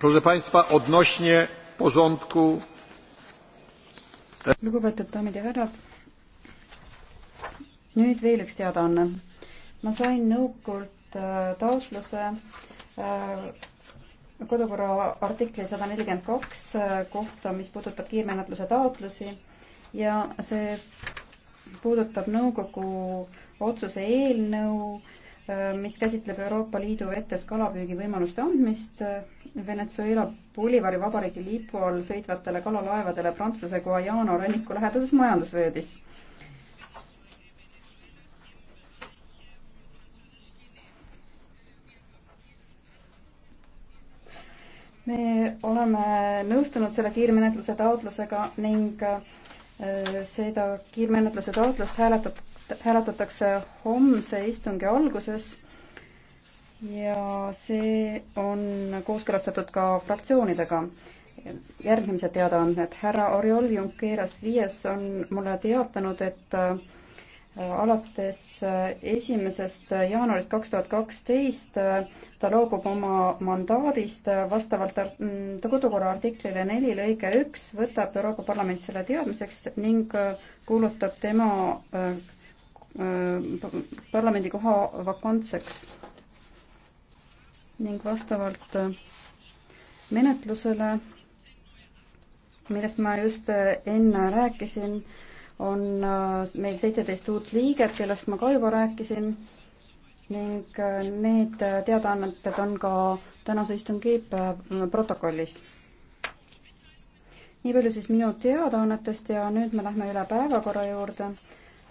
proszę państwa odnośnie porządku e, lugupeetud daamid ja härrad nüüd veel üks teadaanne ma sain nõukult e, taotluse e, kodukorra artikli sada nelikümmend kaks kohta mis puudutab kiirmenetluse taotlusi ja see puudutab nõukogu otsuse eelnõu Äh, mis käsitleb Euroopa Liidu vetes kalapüügivõimaluste andmist äh, Venezuela Bolivari vabariigi lipu all sõitvatele kalalaevadele Prantsuse Guajana ranniku lähedases majandusvöödis me oleme nõustunud selle kiirmenetluse taotlusega ning äh, seda kiirmenetluse taotlust hääletab hääletatakse homse istungi alguses ja see on kooskõlastatud ka fraktsioonidega. järgmised teadaanded. härra Oriol Junqueras Viies on mulle teatanud, et äh, alates äh, esimesest jaanuarist kaks tuhat kaksteist äh, ta loobub oma mandaadist vastavalt mm, kodukorra artiklile neli lõige üks, võtab Euroopa Parlament selle teadmiseks ning kuulutab tema Äh, parlamendi koha vakantseks ning vastavalt äh, menetlusele, millest ma just äh, enne rääkisin, on meil seitseteist uut liiget, kellest ma ka juba rääkisin ning need teadaannetest on ka tänase istungi protokollis. nii palju siis minu teadaannetest ja nüüd me lähme üle päevakorra juurde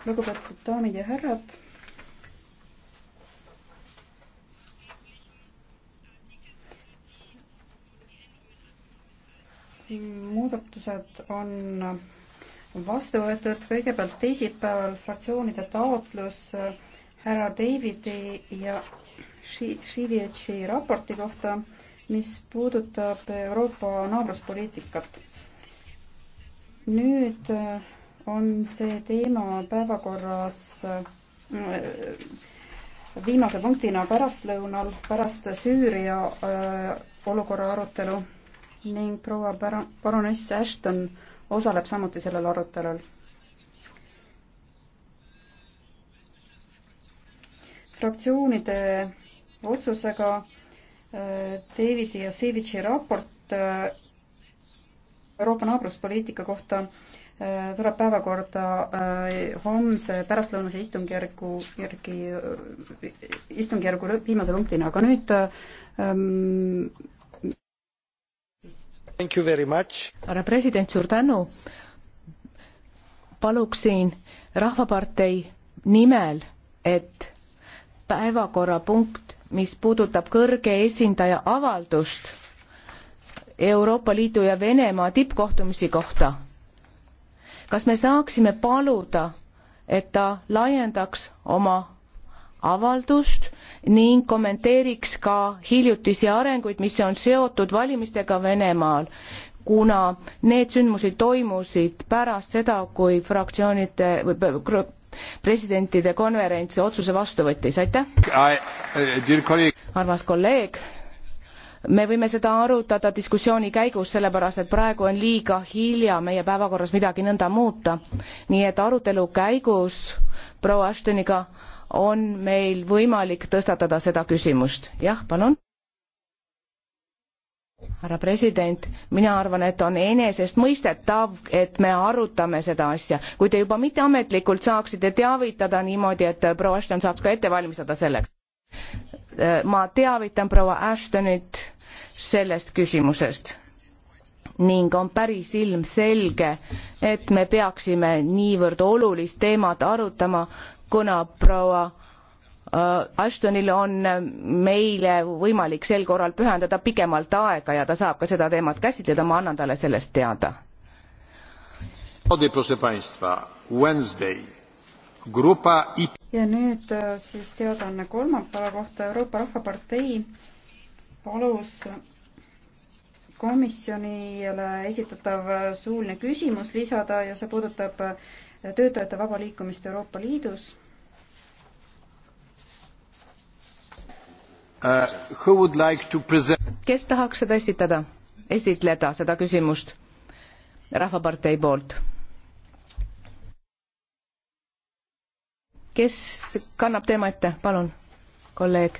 lugupeetud daamid ja härrad. muudatused on vastu võetud kõigepealt teisipäeval fraktsioonide taotlus härra Davidi ja Šivietši raporti kohta, mis puudutab Euroopa naabruspoliitikat. nüüd on see teema päevakorras äh, viimase punktina pärastlõunal pärast Süüria äh, olukorra arutelu ning proua baroness Ashton osaleb samuti sellel arutelul. fraktsioonide otsusega äh, Davidi ja Sivitši raport Euroopa naabruspoliitika kohta Äh, tuleb päevakorda äh, homse pärastlõunase istungjärgu, järgi, äh, istungjärgu viimase punktina, aga nüüd ähm, Thank you very much. härra president, suur tänu. paluksin Rahvapartei nimel, et päevakorrapunkt, mis puudutab kõrge esindaja avaldust Euroopa Liidu ja Venemaa tippkohtumisi kohta kas me saaksime paluda, et ta laiendaks oma avaldust ning kommenteeriks ka hiljutisi arenguid, mis on seotud valimistega Venemaal, kuna need sündmused toimusid pärast seda, kui fraktsioonide või presidentide konverents otsuse vastu võttis, aitäh! Uh, armas kolleeg! me võime seda arutada diskussiooni käigus, sellepärast et praegu on liiga hilja meie päevakorras midagi nõnda muuta. nii et arutelu käigus proua Ashtoniga on meil võimalik tõstatada seda küsimust. jah, palun? härra president, mina arvan, et on enesestmõistetav, et me arutame seda asja. kui te juba mitteametlikult saaksite teavitada niimoodi, et proua Ashton saaks ka ette valmistada selleks Eh, ma teavitan proua Ashtonit sellest küsimusest ning on päris ilmselge, et me peaksime niivõrd olulist teemat arutama, kuna proua eh, Ashtonil on meile võimalik sel korral pühendada pikemalt aega ja ta saab ka seda teemat käsitleda, ma annan talle sellest teada. Proszę Państwa, Wednesday grupa ja nüüd äh, siis teadaanne kolmapäeva kohta Euroopa Rahvapartei palus komisjonile esitatav äh, suuline küsimus lisada ja see puudutab äh, töötajate vaba liikumist Euroopa Liidus Uh, like kes tahaks seda esitada esitleda seda küsimust rahvapartei poolt? kes kannab teema ette, palun, kolleeg.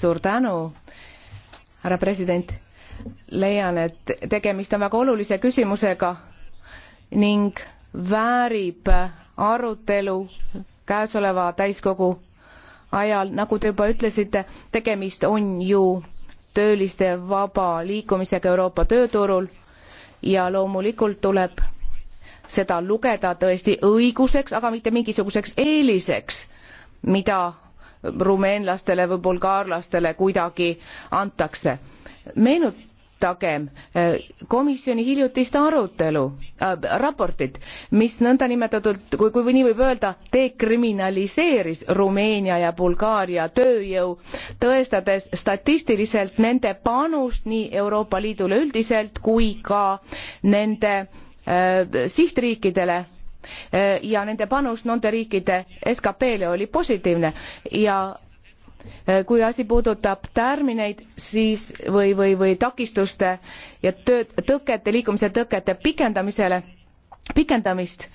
suur tänu, härra president. leian, et tegemist on väga olulise küsimusega ning väärib arutelu käesoleva täiskogu ajal, nagu te juba ütlesite, tegemist on ju tööliste vaba liikumisega Euroopa tööturul ja loomulikult tuleb seda lugeda tõesti õiguseks, aga mitte mingisuguseks eeliseks, mida rumeenlastele või bulgaarlastele kuidagi antakse. meenutagem eh, komisjoni hiljutist arutelu äh,, raportit, mis nõndanimetatud, kui, kui nii võib öelda, dekriminaliseeris Rumeenia ja Bulgaaria tööjõu, tõestades statistiliselt nende panust nii Euroopa Liidule üldiselt kui ka nende Äh, sihtriikidele äh, ja nende panus nende riikide skp-le oli positiivne ja äh, kui asi puudutab tärmineid siis või, või, või takistuste ja tööd, tõkete, liikumise tõkete pikendamisele, pikendamist,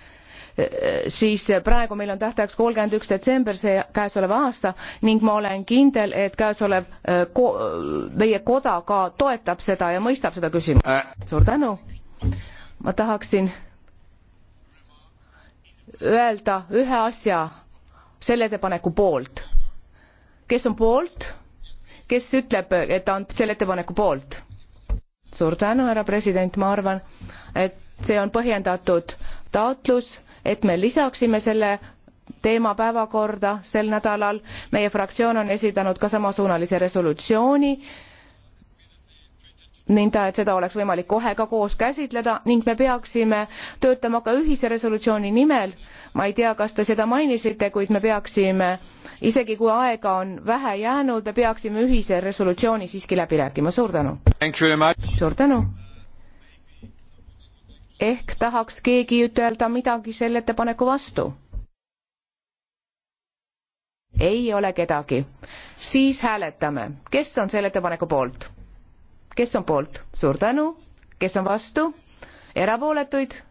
siis praegu meil on tähtajaks kolmkümmend üks detsember see käesolev aasta ning ma olen kindel, et käesolev ko meie koda ka toetab seda ja mõistab seda küsimust. suur tänu ma tahaksin öelda ühe asja selle ettepaneku poolt. kes on poolt, kes ütleb, et ta on selle ettepaneku poolt? suur tänu, härra president, ma arvan, et see on põhjendatud taotlus, et me lisaksime selle teema päevakorda sel nädalal. meie fraktsioon on esitanud ka samasuunalise resolutsiooni äh, nõnda et seda oleks võimalik kohe ka koos käsitleda ning me peaksime töötama ka ühise resolutsiooni nimel ma ei tea kas te seda mainisite kuid me peaksime isegi kui aega on vähe jäänud me peaksime ühise resolutsiooni siiski läbi rääkima suur tänu suur tänu ehk tahaks keegi ütelda midagi selle ettepaneku vastu ei ole kedagi siis hääletame kes on selle ettepaneku poolt kes on poolt, suur tänu, kes on vastu, erapooletuid